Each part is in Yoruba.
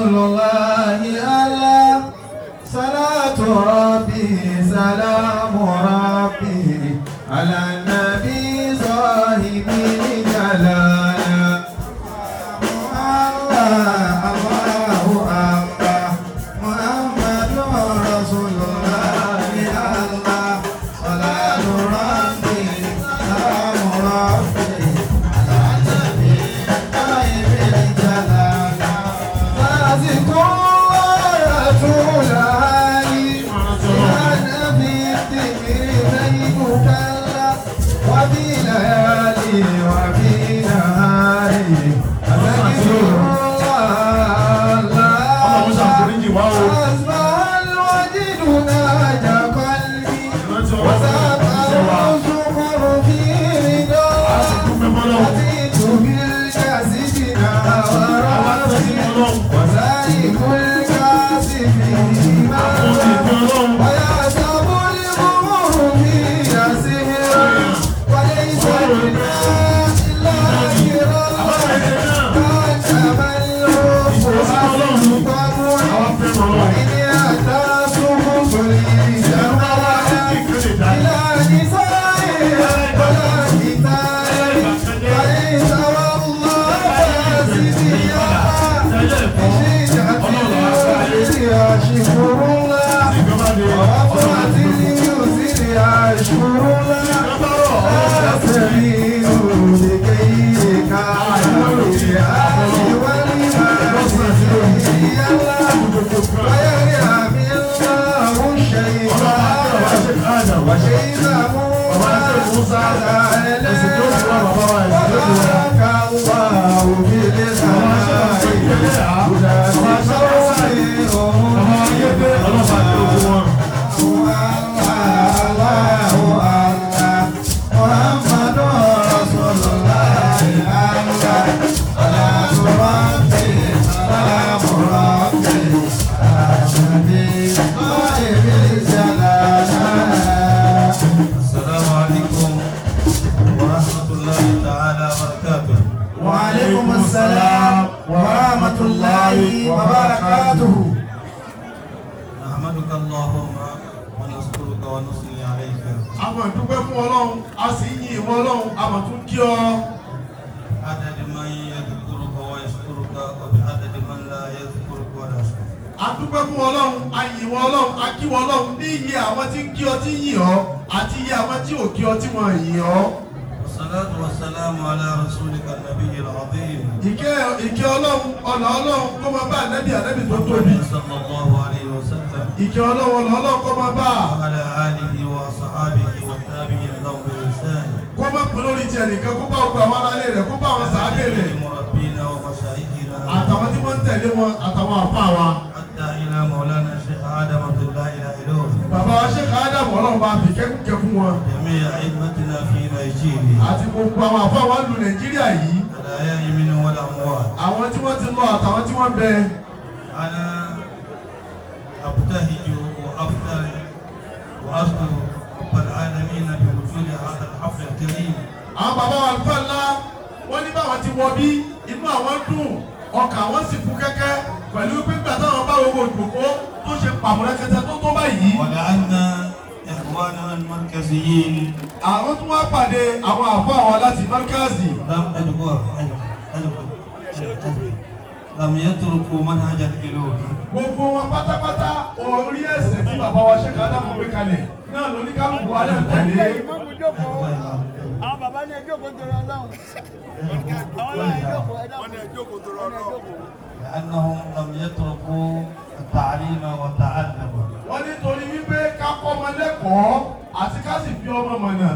رسول الله ألا صلاة ربي سلام من يذكرك ويشكرك وبعدد من لا يذكرك ولا يشكرك. adúpẹ́ fún ọlọ́run ayìnwọ́ ọlọ́run akíwọ́ ọlọ́run ní iye àwọn tí ń kí ọ tí ń yìn ọ́ àti iye àwọn tí ò kí ọ tí wọ́n yìn ọ́. salatu wa salamu ala rasulika nabiyil azim. ìkẹ́ ìkẹ́ ọlọ́run ọ̀nà ọlọ́run kó máa bá ànábì ànábì tó tóbi. sallallahu alayhi wa sallam. ìkẹ́ ọlọ́run ọ̀nà ọlọ́run kó máa bá. ala alihi wa sahabihi wa tabi'in má pín lórí jẹ nìkan kó bá gbogbo àwọn aráalé rẹ̀ kó bá àwọn sàábẹ̀ rẹ̀ àtàwọn tí wọ́n ń tẹ̀lé wọn àtàwọn àfa wa. bàbá wa ṣe káádà mọ́lọ́ bá fi kẹ́kùkẹ́ fún wọn. àti gbogbo àwọn àfa wa lu nàìjíríà yìí. àwọn tí wọ́n ti lọ àtàwọn tí wọ́n bẹ. ana abutahiju wa afutar wa asukuru. رب العالمين بوجود هذا الحفل الكريم àwọn bàbá wa àlùfáà ńlá wọ́n ní báwọn ti wọ bí inú àwọn dùn ọkàn àwọn sì fún kẹ́kẹ́ pẹ̀lú pípa táwọn bá gbogbo ìgbòkó tó ṣe pàmùrẹ́kẹtẹ tó tó báyìí. ọ̀dà àná ẹ̀kọ́ náà ní mọ́kẹ́sì yìí. àwọn tó wá pàdé àwọn àfọ àwọn láti mọ́kẹ́sì. ẹ̀dùnkọ́ ẹ̀dùnkọ́ ẹ̀dùnkọ́ làmúyẹ́tòrókò mọ́nájà kìlọ̀ òní. gbogbo wọn pátápátá orí ẹsẹ̀ tí bàbá wa ṣe kádà mọ̀ pé kalẹ̀ náà lóní kálukú alẹ́ tẹ̀lé. àwọn bàbá ní ẹjọ́ kò tó rọ náà. àwọn ẹjọ́ kò tó rọ náà. لأنهم لم يتركوا التعليم والتعلم. wọ́n ní torí wípé ká kọ́ ọmọ lẹ́kọ̀ọ́ àti ká sì fi ọmọ mọ̀nà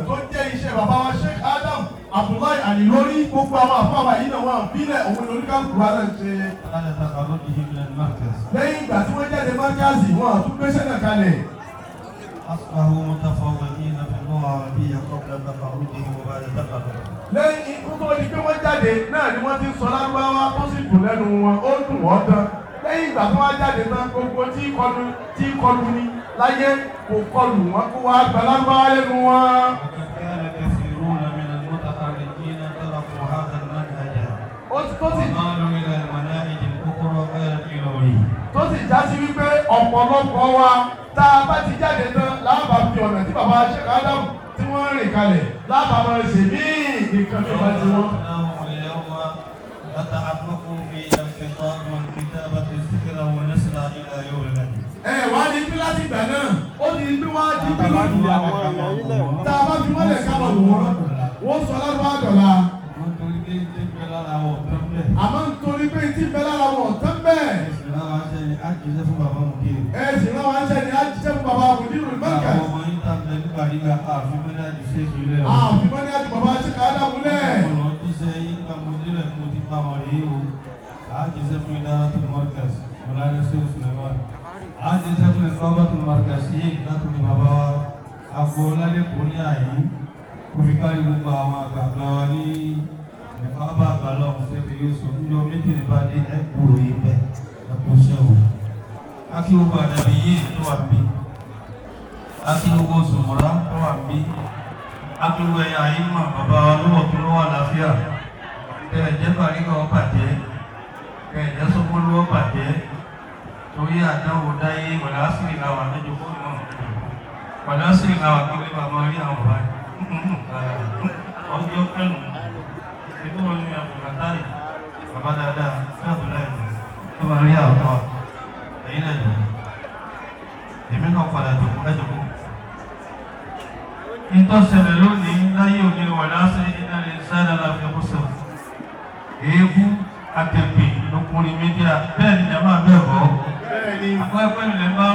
Abdullahi Alilori gbogbo àwọn àfọwà yìí náà wọn àbílẹ̀ òun lórí kálukú wa náà ṣe. lẹ́yìn ìgbà tí wọ́n jáde mákàzì wọn àtúgbésẹ̀ náà kalẹ̀. asfahu mutafawwiqina fil arabiyya qabla taqarrubihi wa ba'da taqarrubihi. lẹ́yìn ikú tó di pé wọ́n jáde náà ni wọ́n ti sọ lárúbáwá tó sì dùn lẹ́nu wọn ó dùn wọ́n tán lẹ́yìn ìgbà tó wá jáde tán gbogbo tí kọlu tí kọlu ni láyé kò kọlu wọn kó wá gbà lẹ́nu wọn. tó sì já sí wípé ọ̀pọ̀lọpọ̀ wa tá a bá ti jáde tán láàbà fi ọ̀nà tí bàbá aṣẹ́ka ádámù tí wọ́n rìn kalẹ̀ láàbà máa ṣe bí nǹkan tó bá ti wọ́n. ẹ wá ní bí láti ìgbà náà ó ní bí wá di bí lónìí tá a bá fi wọ́n lẹ̀ ká lọ wọ́n wọ́n sọ lọ́dún àdọ̀la. àfi mẹ́nàjì ṣe ìṣúlẹ̀ o. àfi mẹ́nàjì bàbá ṣe kàádà múlẹ̀. ọ̀nà tí ṣe yín ká mo délẹ̀ mo ti bá wọn rí o. àájì sẹ́fún ìdára tó mọ́rkàsì mọ́láyé ṣe òṣùlẹ̀mọ́. àájì sẹ́fún ìfọ́bà tó mọ́rkàsì yìí láti ní bàbá wa. àgbo lálẹ́ kò ní àyè kò fi kárí gbogbo àwọn akílógún zùmùrà tó wà bí akílógún ẹ̀yà àyímà bàbá wa lówó tó lówó àlàáfíà kẹ̀ẹ̀jẹ́ bàríkà ọ bàjẹ́ kẹ̀ẹ̀jẹ́ sọ́kúnlówó bàjẹ́ torí àdánwò dáyé wàlásìrì làwà lẹ́jọ́kọ́ náà wàlásìrì làwà kí wọ́n bá máa rí àwọn báyìí ọjọ́ kẹ́nu ìlú wọn ní àbùkátàì bàbá dáadáa sí àbúláì tó máa rí àwọn náà ẹ̀yìn náà èmi náà padà dùn ẹ̀jọ̀ kó ìtọ́sẹ̀lẹ̀ lónìí láyé òní wà lásán iná lè sáré aláfẹ́ kúsọ̀ èébú àtẹ̀pẹ̀ lókùnrin méjìlá bẹ́ẹ̀ ni jàmáà bẹ́ẹ̀ bọ́ àpẹẹpẹ́ ilẹ̀ máa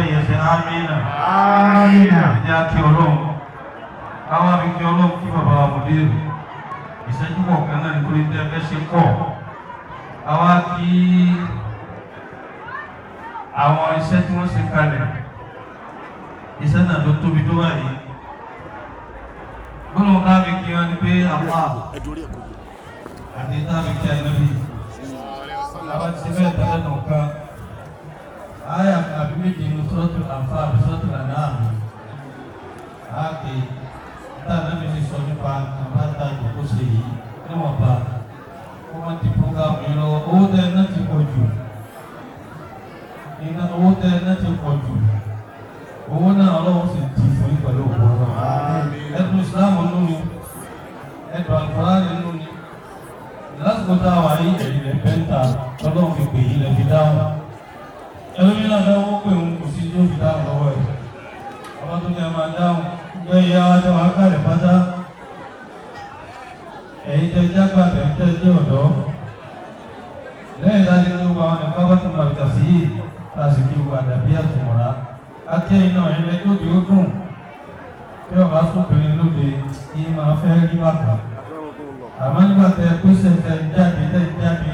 nígbẹ̀yìn ṣe ámìnà ámìnà ìdí àti ọlọ́run káwọn àbí kí ọlọ́run kí bàbá wa mọ̀dé rẹ̀ ìṣẹ́jú kọ̀ọ̀kan náà nítorí tẹ́ fẹ́ ṣe pọ̀ káwọn kí àwọn iṣẹ́ tí wọ́n ṣe kalẹ̀ iṣẹ́ náà ló tóbi tó báyìí gbọ́dọ̀ káàbí kí wọ́n ní pé àwọn àbò àti táàbí kí a ní bí. àwọn ti bẹ́ẹ̀ tẹ́lẹ̀ nù kan aya àbí méje ní sọ́tù àǹfààní sọ́tù àdáàmù ààkè táàbí mi ti sọ nípa àbáta ìkókó ṣe yìí níwọ̀n bá wọ́n ti program yìí lọ owó tẹ́ na náà ti pọ̀ jù iná owó tẹ́ ẹ náà ti pọ̀ jù owó náà ọlọ́run sì ti fún yín pẹ̀lú òkú ọlọ́run ẹ̀dùn ìsìláàmù nínú ni ẹ̀dùn àkùrá nínú ni lásìkò táwa yìí ẹ̀yìn lẹ́gbẹ̀ẹ́ta tọ́lọ́run fi pè yín lẹ́fi dáhùn ẹlòmí náà fẹ́ wọ́n pè ń kò sí tó fi dáhùn lọ́wọ́ ẹ̀ ọba tó ní ẹ máa dáhùn gbé ìyá wa tẹ wàá kàlẹ̀ pátá ẹ̀yin tẹ jágbà tẹ̀ tẹ́ jẹ́ ọ̀dọ́ lẹ́yìn láti tó gba àwọn ẹ̀ka bá tún bàbí tàbí yìí láti kí gbogbo àdàbí àtùmọ̀ra akẹ́yìn náà ẹ̀yìn lẹ́jọ́ òde ó dùn bí ọba sóbìnrin lóde kí máa fẹ́ rí bàbá àmọ́ nígbà tẹ pèsè tẹ jáde tẹ jáde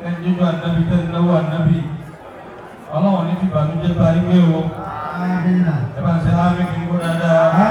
tẹ jójú ànábi ìbànújẹ́ parí gbé o. ẹ bá ń ṣe ámì kí n kó dáadáa.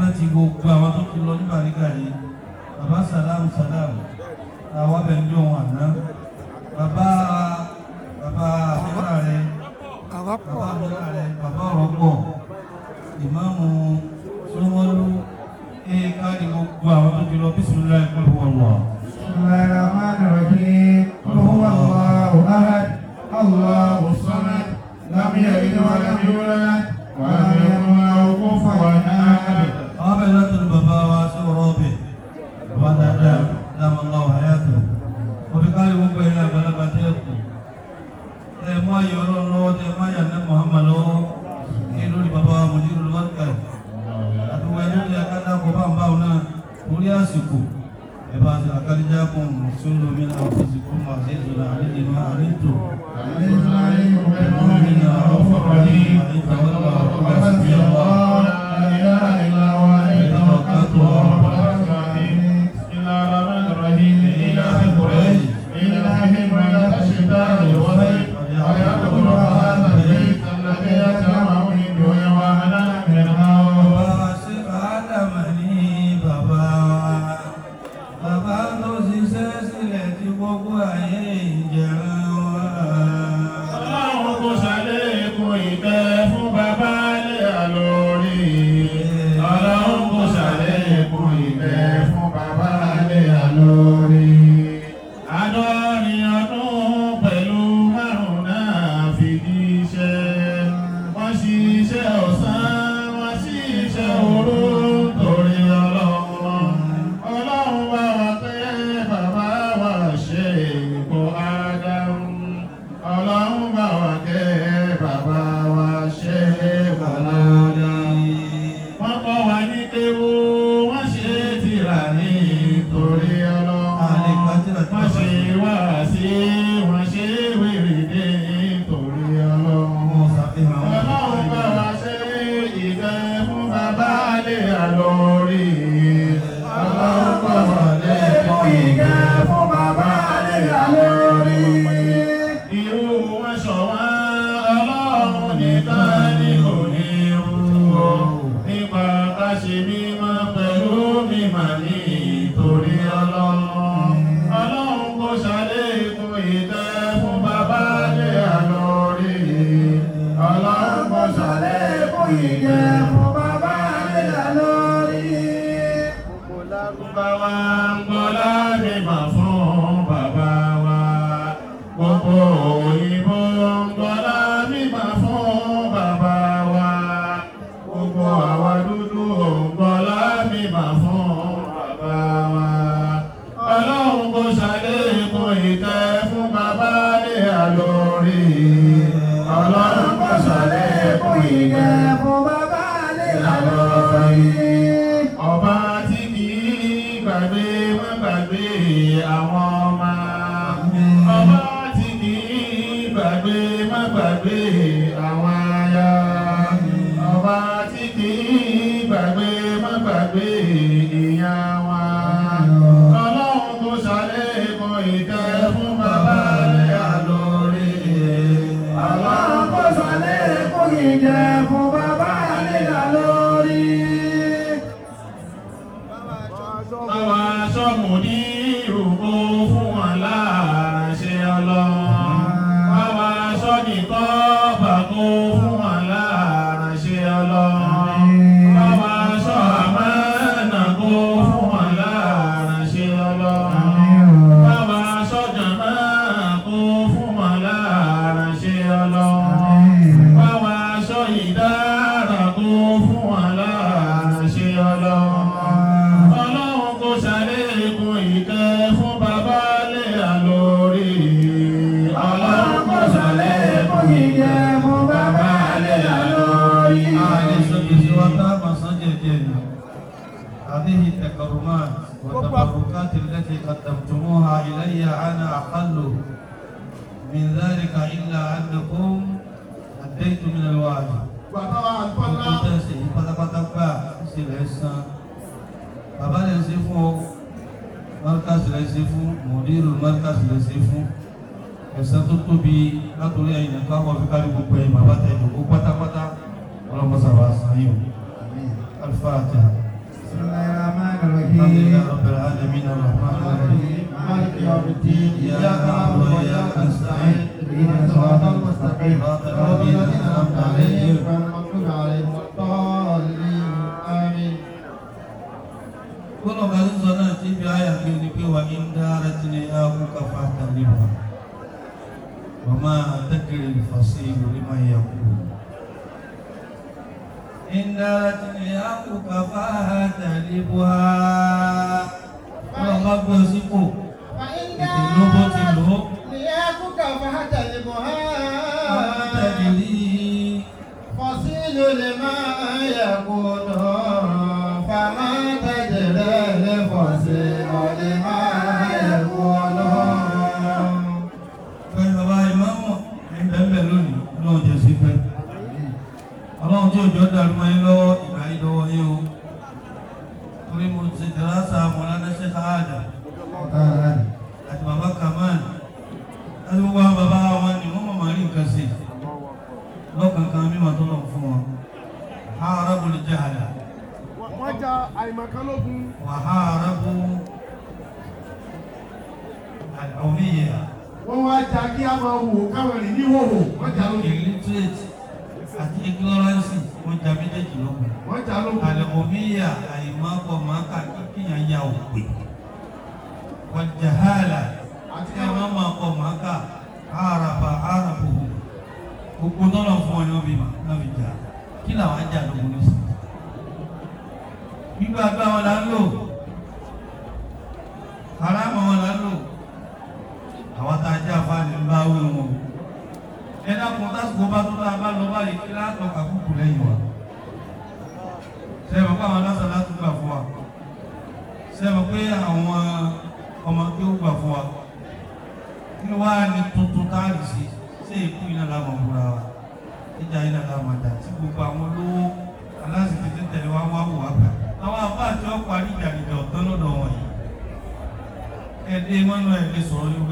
rántí gbogbo àwọn tó ti lọ ní bàríkà yìí bàbá sàlámù sàlámù àwọn abẹ ní ohun àná bàbá bàbá àbúrà rẹ bàbá àbúrà rẹ bàbá ọ̀rọ̀pọ̀ ìmáàmù sọmọlú ee káàdì gbogbo àwọn tó ti lọ bísúnlá ẹ̀kọ́ ìwọ̀n wọn. Bismillahir rahmanir rahim Allahu ahad Allahu samad lam yalid wa lam yulad wa lam yakul lahu kufuwan ahad. Amen. إن تنياك فاها تهلبها والله يرزقه فإن تنياك فاها تهلبها bá rí pé látọ̀ kàkúkù lẹ́yìn wa sẹ́wọ̀n pé àwọn aláṣà láti gbà fún wa sẹ́wọ̀n pé àwọn ọmọ tó gbà fún wa kí ló wá ní tuntun táàrí sí ṣé èkú iná lámà múra wa ìjà iná lámà dà tí gbogbo àwọn olówó aláṣìkè tó tẹ̀lé wa wá wò wá gbà àwọn àbá àti ọkọ̀ àríjà ìjà ọ̀tọ́ lọ́dọ̀ wọn yìí ẹ̀ẹ́dẹ́ mọ́nú ẹ̀ lè sọ̀rọ̀ yóò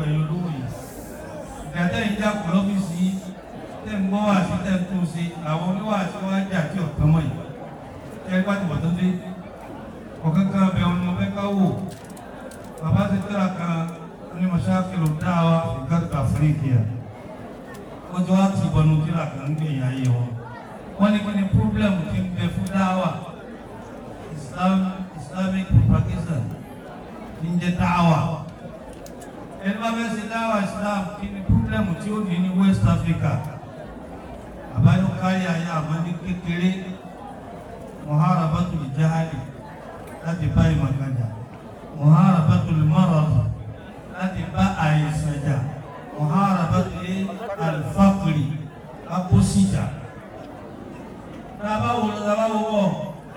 tàbá wo tàbá wo wọ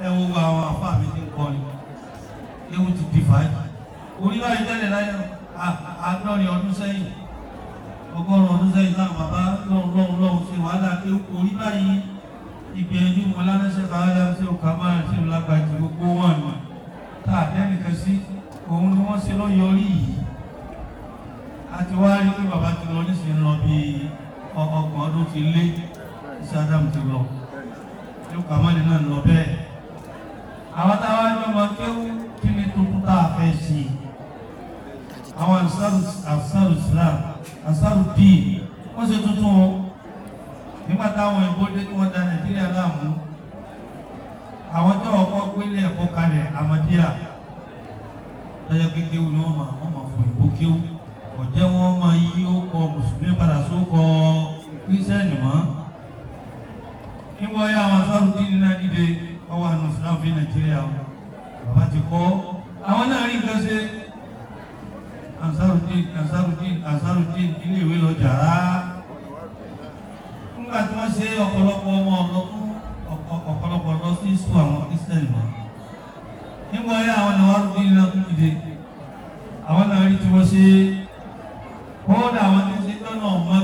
ẹ wo gba àwọn àfa mi ti ń kọ ni ewu ti di fàájì orí báyìí tẹ́lẹ̀ láyé àádọ́rin ọdún sẹ́yìn ọgọ́rùn ọdún sẹ́yìn láwọn bàbá lọ́hùn lọ́hùn lọ́hùn ṣe wàhálà pé orí báyìí ìgbìyànjú wọn lánàṣẹ́ káwájá sí òkà márùn sí òlágbàjì gbogbo wọn nù tá a fẹ́ nìkan sí òun ni wọ́n ṣe lọ́ yọrí yìí a ti wá rí pé bàbá ti lọ nísìnyí lọ bí ọgbọ̀n ọdún ti lé ìṣáájú àmì ti lọ jókòó àmọ́ni náà lọ bẹ́ẹ̀ àwọn táwa ń jọmọ kéwú kí ni tuntun tá a fẹ́ ṣe àwọn asaru islam asaru díì wọ́n ṣe tuntun o nígbà táwọn ìbò dé tí wọ́n da nàìjíríà láàmú àwọn tó ọkọ gbélé ẹ̀kọ́ kalẹ̀ amadíà lọ́jọ́ kékeré ni wọ́n máa wọ́n máa fò ìbò kéwú ọ̀jẹ́ wọn máa yí ó kọ mùsùlùmí padà sókọ kírísẹ́nì mọ́ nígbà yà àwọn sọ́ọ̀rù dín náà dìde wọ́n wà nù fúnra fún nàìjíríà bàbá ti kọ́ àwọn náà rí nǹkan ṣe ansarudin ansarudin ansarudin ilé ìwé lọ jàrá nígbà tí wọ́n ṣe ọ̀pọ̀lọpọ̀ ọmọ ọlọ́kú ọ̀pọ̀lọpọ̀ lọ sí sùn àwọn kristẹni wọn nígbà yà àwọn náà wà dín náà tún dìde àwọn náà rí tí wọ́n ṣe kódà àwọn tí ń ṣe lọ́nà ọ̀ma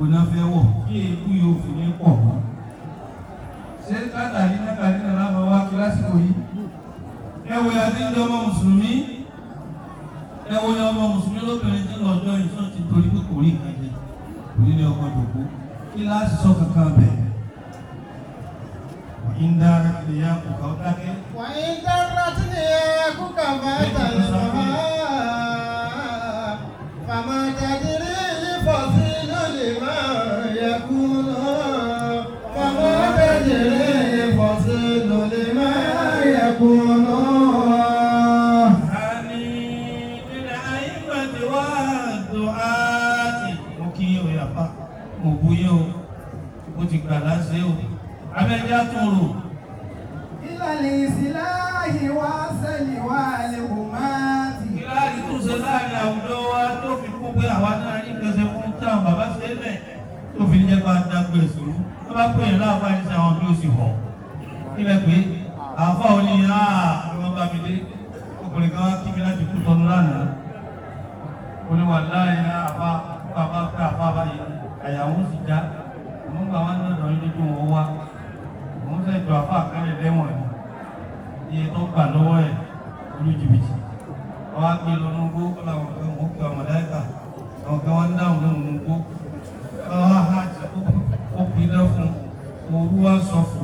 òun náà fẹ́ wọ̀ kí ewu yóò fi ní pọ̀ mọ́. ṣé látàrí látàrí náà láwọn wá kí lásìkò yìí ẹ wo ya ti ń jọmọ mùsùlùmí ẹ wo ya ọmọ mùsùlùmí lóbìnrin tí lọ́jọ́ ìṣàn ti torí kò rí nǹkan jẹ kò ní ní ọmọ ìdòkó kí láti sọ kankan bẹ̀. wàyí ń dára kí ni ya kò kà dákẹ́. wàyí ń dára tí ni ya kò kà bá tà ẹja tòrò. ìlànà ìsìláàyè wá sẹ́lẹ̀ wá lẹ́wọ̀ máa ti. ìlànà ìtúnṣe láàrin àwùjọ wa tó fi kú pé àwa náà ní kẹsẹ̀ fún táwọn bàbá sẹ́lẹ̀ tó fi jẹ́ bá dágbé sùúrù tó bá pè é láàbá ní sì họ. ilẹ̀ pé iye tó gbà lọ́wọ́ ẹ̀ olú jìbìtì wọ́n á gbé e lọ́nà gbó láwọn ọ̀gá wọn kí wọn mọ̀láìkà àwọn ọ̀gá wọn dáhùn lọ́nà gbó wọ́n á hajj ó pinná fún òru wá sọ fún.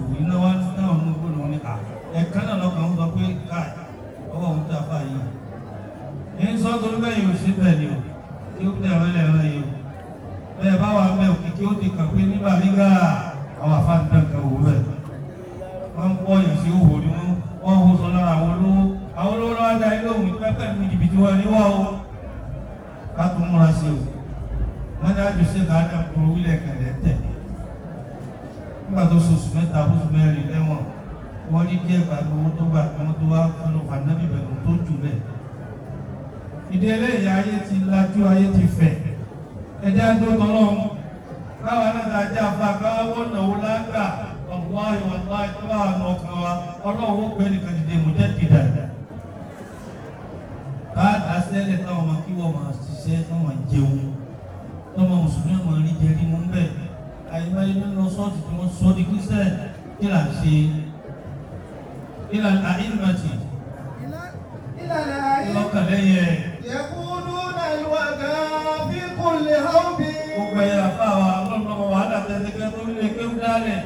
ọpẹ́ àfáwà ọlọ́pàá wàhálà tẹ́tẹ́kẹ́ tó nílé pé ó dálẹ̀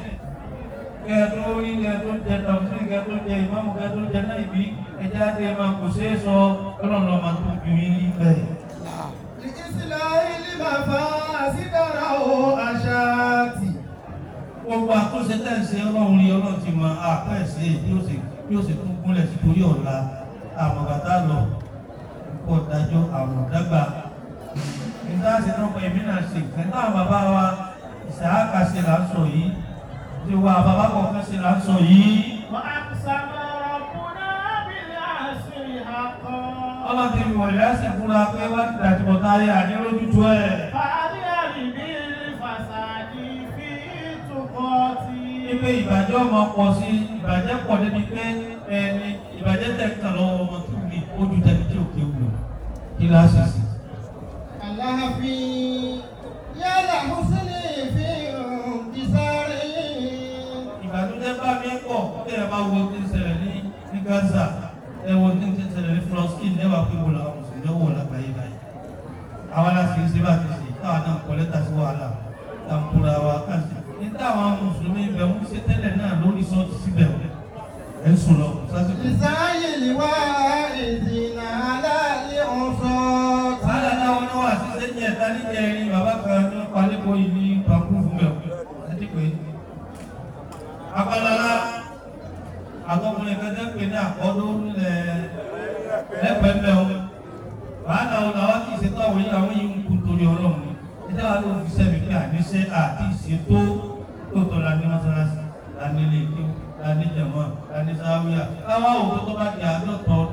kẹ́ tó nílẹ̀ tó jẹ tọ̀sí kẹ́ tó jẹ ìmáàmù kẹ́ tó jẹ náà ìbí ẹjá ti ẹ máa kò ṣe é sọ ọlọ́run ọmọ tó ju yín níbẹ̀. gbogbo àtúnṣe tẹ̀sí ọlọ́run rí ọlọ́run ti mọ àpẹ́ẹ̀sì yóò sì tún gúnlẹ̀ sí torí ọ̀la àmọ̀gbàtà lọ kó dájọ́ àmọ̀dágbà nígbà tí náà pé mí náà ṣe ìfẹ́ náà bàbá wa ìṣàkà ṣe là ń sọ yìí ti wà bàbá kọ̀ọ̀kan ṣe là ń sọ yìí. ọlọ́run ti wọ̀ ìyá ẹsẹ̀ fúnra pé wọ́n ti dàtí bọ̀ táyé àní lójú ẹ̀. fàárí àrí mi fi túbọ̀ tí. ipe ìbàjẹ́ ọmọ pọ̀ sí ìbàjẹ́ pọ̀ débi pé ẹni ìbàjẹ́ tẹ̀ kàn lọ́wọ́ ọmọ tó wù ní ojú tẹ̀lé tí ò kéwù kí lásìsì. في يا لحسني في انتصاري ìbànújẹ́ bá mi pọ̀ kí ẹ bá wo kí n ṣẹlẹ̀ ní ní Gaza ẹ wo kí n ti ṣẹlẹ̀ ní floskin ẹ wà pé wo wa káṣí ní táwọn mùsùlùmí bẹ̀ ń ṣe tẹ́lẹ̀ náà lórí sọ́ọ̀tì síbẹ̀ ẹ̀ ń sùn ní àkọ́dó nílẹ̀ lẹ́pẹ̀ẹ́pẹ́ o wàhálà o làwọn kì í ṣe tó àwọn yìí àwọn yìí ń kun torí ọlọ́run ni ẹjẹ́ wa ló fi sẹ́mi pé àníṣe àti ìṣètò tó tọ́ la ní mọ́sálásí la ní ilé ìkéwù la ní jẹ̀mọ́ la ní sáwíà káwá òkú tó bá di àádọ́tọ̀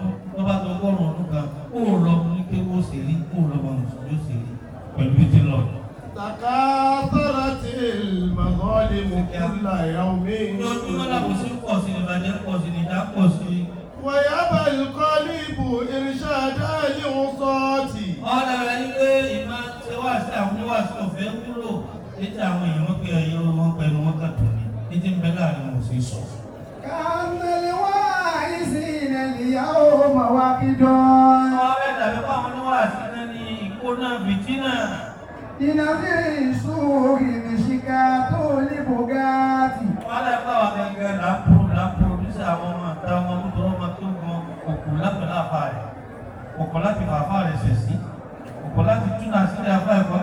哎。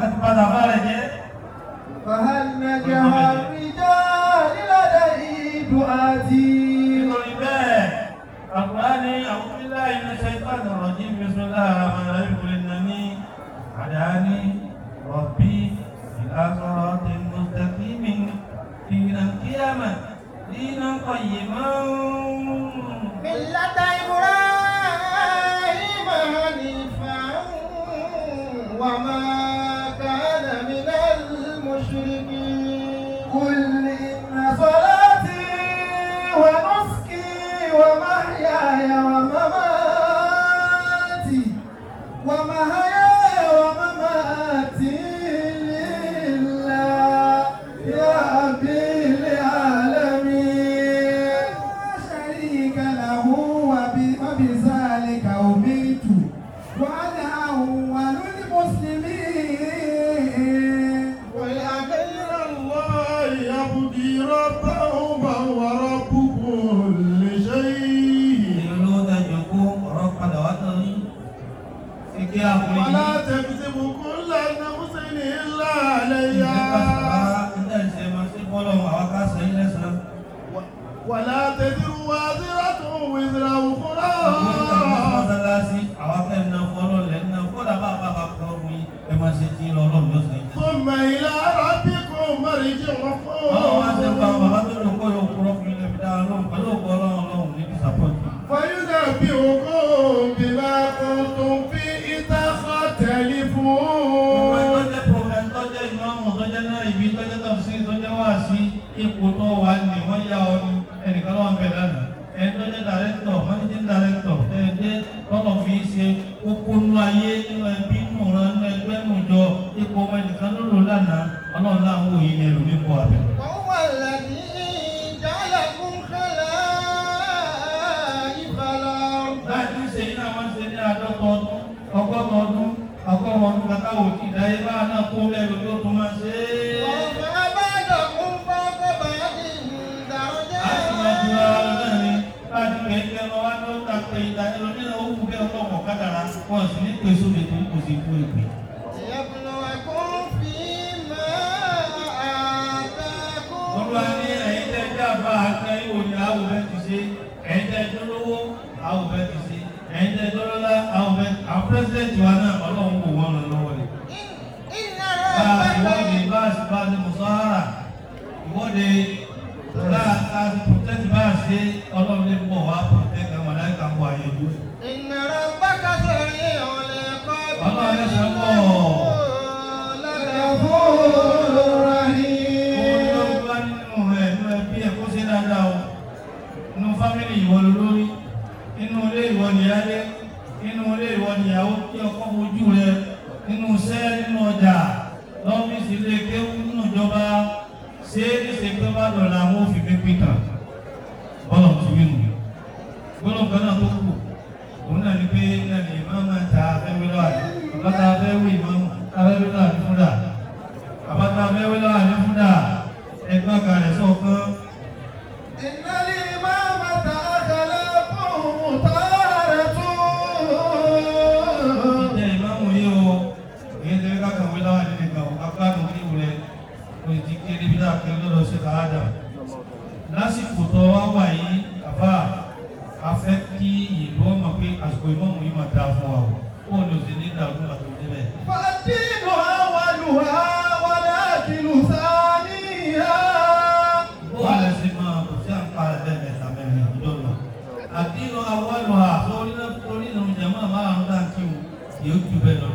wàlá tẹ̀síru wa síra tó ń wí síra òkúra. mọ́sálásí àwọn akẹ́ ẹ̀ náà fọ́ ọlọ́ọ̀lẹ́ náà kó dàbà bàbá kan wí ẹ máa ṣe tí ń lọ ọlọ́run lọ́sàn-án. tó mẹ́ ilá kushampa deme sameme kidogo atilo awalo ha so lina so lina mjamaa maa mtankiu youtube no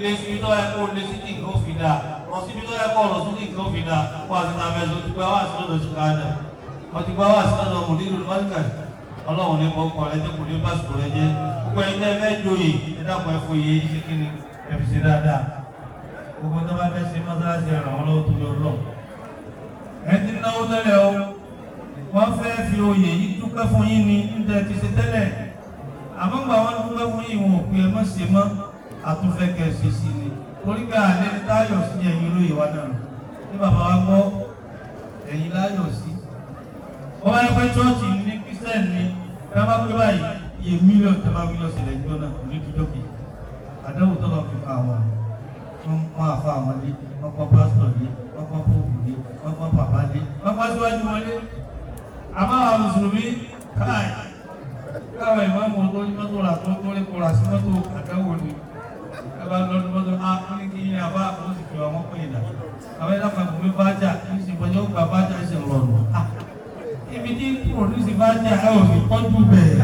lé síbi tó yẹ kó lé sí kí nǹkan fi dà wọn síbi tó yẹ kó ọ̀rọ̀ sí kí nǹkan fi dà wọn àti tàbí ẹ̀sùn ti gba wá sí lọ́dọ̀ ṣùkàdà wọn ti gba wá sí lọ́dọ̀ mùdí ìlú mọ́tíkà ọlọ́run ní kọ́kọ́ rẹ tó kù ní pásítọ̀ rẹ jẹ́ gbogbo ẹni tẹ́ fẹ́ joyè ẹ dàpọ̀ ẹ foyè yìí ṣe kí ni ẹ fi ṣe dáadáa gbogbo tó bá fẹ́ ṣe mọ́sálásí ẹ̀rọ àwọn lọ́wọ́ tó yọ lọ. ẹ ti náwó tẹ́lẹ̀ o wọ́n fẹ́ fi oyè yìí dúpẹ́ fún yín ni ń tẹ́ ti ṣe tẹ́lẹ̀ àmọ́ gbà wọ́n dúpẹ́ fún yín wọn ò pè é àtúnfẹ́kẹ́ ṣe sí ni torí pé àlẹ́ láyọ̀ sí ẹ̀yìn olóyè wa náà ní bàbá wa gbọ́ ẹ̀yìn láyọ̀ sí. wọ́n wáyé pé chọ́ọ̀chì ní kristian ni ká má pé báyìí iye mílíọ̀nù tó bá wí lọ sílẹ̀ ìjọ náà ní dídókè àdéhùn tó lọ fi fa àwọn wọn máa fa àwọn lé wọn kọ́ pásítọ̀ lé wọn kọ́ pópù lé wọn kọ́ bàbá lé wọn kọ́ síwájú wọn lé àmọ́ àwọn mùsùlùmí ní ara òní tọ́jú bẹ́ẹ̀.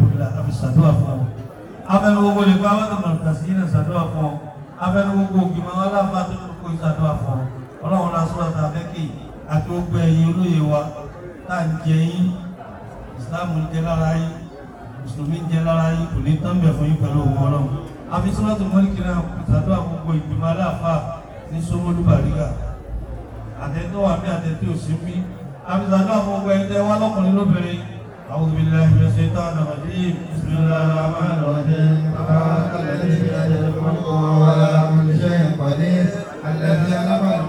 alhamdulillah a fi ṣàdúrà fún ọ afẹnugbogbo lè pa àwọn àmàlùkàsí yìí náà ṣàdúrà fún ọ afẹnugbogbo ògbìmọ̀ aláàbá tó lóko ìṣàdúrà fún ọ ọlọ́run la sọ́ra ta fẹ́kì àti gbogbo ẹ̀yin olóye wa tá à ń jẹ yín ìsìláàmù ń jẹ lára yín mùsùlùmí ń jẹ lára yín kò ní tán bẹ̀ fún yín pẹ̀lú òun ọlọ́run àfi sọ́ra tó mọ́lìkì náà ìṣàdúrà gbogbo ìgbìmọ̀ aláàfà ní sọ́mọ́lú bàrígà àtẹ̀tọ́ àbí àtẹ̀tọ́ òsínbí àfi ìṣàdúrà gbogbo ẹ̀ أعوذ بالله من الشيطان الرجيم بسم الله الرحمن الرحيم تبارك الذي بيده الملك وهو على كل شيء قدير الذي علم